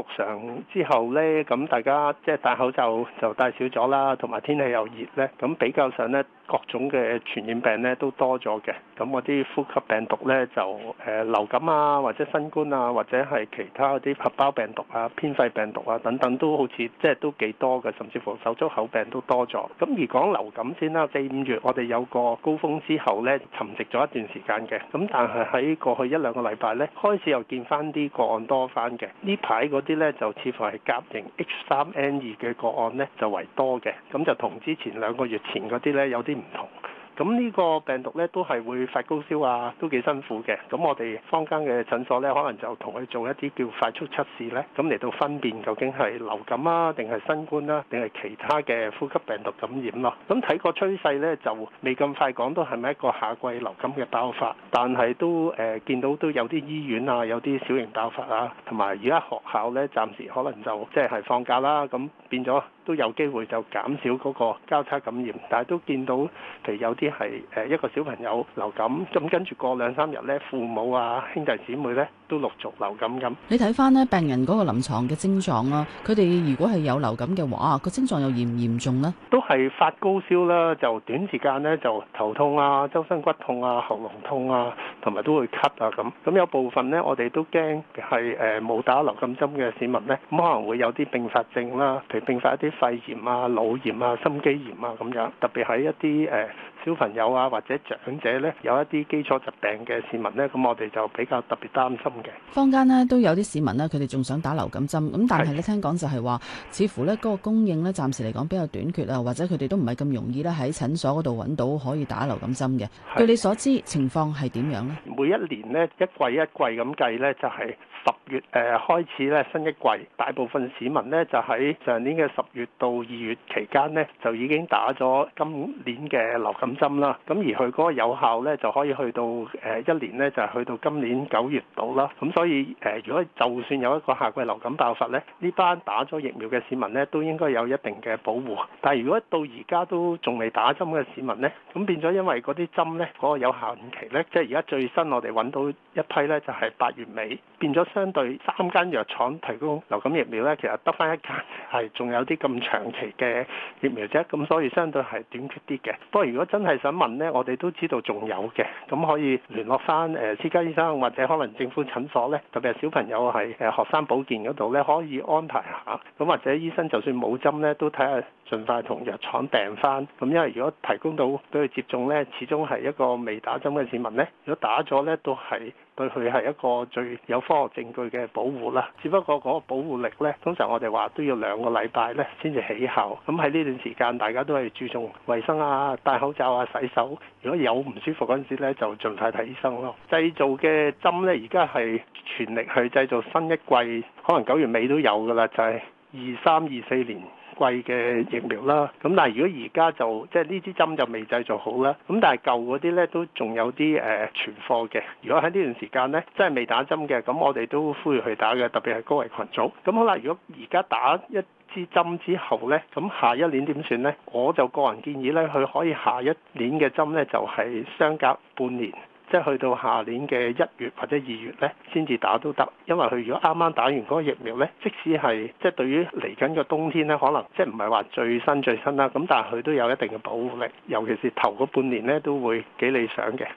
復常之後呢，咁大家即係戴口罩就戴少咗啦，同埋天氣又熱呢，咁比較上呢。各種嘅傳染病咧都多咗嘅，咁嗰啲呼吸病毒咧就誒、呃、流感啊，或者新冠啊，或者係其他嗰啲合胞病毒啊、偏肺病毒啊等等都好似即係都幾多嘅，甚至乎手足口病都多咗。咁而講流感先啦，四五月我哋有個高峰之後咧沉寂咗一段時間嘅，咁但係喺過去一兩個禮拜咧開始又見翻啲個案多翻嘅。呢排嗰啲咧就似乎係甲型 H 三 N 二嘅個案咧就為多嘅，咁就同之前兩個月前嗰啲咧有啲。咁呢個病毒呢都係會發高燒啊，都幾辛苦嘅。咁我哋坊間嘅診所呢，可能就同佢做一啲叫快速測試呢，咁嚟到分辨究竟係流感啊，定係新冠啊，定係其他嘅呼吸病毒感染咯、啊。咁睇個趨勢呢，就未咁快講到係咪一個夏季流感嘅爆發，但係都誒、呃、見到都有啲醫院啊，有啲小型爆發啊，同埋而家學校呢，暫時可能就即係放假啦，咁變咗。都有機會就減少嗰個交叉感染，但係都見到其實有啲係誒一個小朋友流感，咁跟住過兩三日咧，父母啊兄弟姊妹咧都陸續流感咁。你睇翻咧病人嗰個臨牀嘅症狀啊，佢哋如果係有流感嘅話，個症狀又嚴唔嚴重咧？都係發高燒啦，就短時間咧就頭痛啊、周身骨痛啊、喉嚨痛啊，同埋都會咳啊咁。咁有部分咧，我哋都驚係誒冇打流感針嘅市民咧，咁可能會有啲併發症啦，譬如併發一啲。肺炎啊、腦炎啊、心肌炎啊咁樣，特別係一啲誒小朋友啊或者長者呢，有一啲基礎疾病嘅市民呢。咁我哋就比較特別擔心嘅。坊間呢，都有啲市民呢，佢哋仲想打流感針，咁但係咧聽講就係話，似乎呢嗰個供應呢，暫時嚟講比較短缺啊，或者佢哋都唔係咁容易咧喺診所嗰度揾到可以打流感針嘅。據你所知，情況係點樣呢？每一年呢，一季一季咁計呢，就係，月誒開始咧新一季，大部分市民呢就喺上年嘅十月到二月期間呢，就已經打咗今年嘅流感針啦。咁而佢嗰個有效呢，就可以去到誒一年呢，就去到今年九月度啦。咁所以誒，如果就算有一個夏季流感爆發呢，呢班打咗疫苗嘅市民呢，都應該有一定嘅保護。但係如果到而家都仲未打針嘅市民呢，咁變咗因為嗰啲針呢，嗰個有效期呢，即係而家最新我哋揾到一批呢，就係八月尾，變咗相。對三間藥廠提供流感疫苗咧，其實得翻一間係仲有啲咁長期嘅疫苗啫，咁所以相對係短缺啲嘅。不過如果真係想問呢，我哋都知道仲有嘅，咁可以聯絡翻誒私家醫生或者可能政府診所呢，特別係小朋友係誒學生保健嗰度呢，可以安排下。咁或者醫生就算冇針呢，都睇下盡快同藥廠訂翻。咁因為如果提供到俾佢接種呢，始終係一個未打針嘅市民呢，如果打咗呢，都係對佢係一個最有科學證據嘅保護啦，只不過嗰個保護力呢，通常我哋話都要兩個禮拜咧先至起效。咁喺呢段時間，大家都係注重衞生啊，戴口罩啊，洗手。如果有唔舒服嗰陣時咧，就盡快睇醫生咯。製造嘅針呢，而家係全力去製造新一季，可能九月尾都有㗎啦，就係二三二四年，貴嘅疫苗啦，咁但係如果而家就即係呢支針就未製造好啦，咁但係舊嗰啲呢都仲有啲誒存貨嘅。如果喺呢段時間呢，即係未打針嘅，咁我哋都呼籲佢打嘅，特別係高危群組。咁好啦，如果而家打一支針之後呢，咁下一年點算呢？我就個人建議呢，佢可以下一年嘅針呢就係相隔半年。即係去到下年嘅一月或者二月咧，先至打都得，因為佢如果啱啱打完嗰個疫苗咧，即使係即係對於嚟緊個冬天咧，可能即係唔係話最新最新啦，咁但係佢都有一定嘅保護力，尤其是頭嗰半年咧，都會幾理想嘅。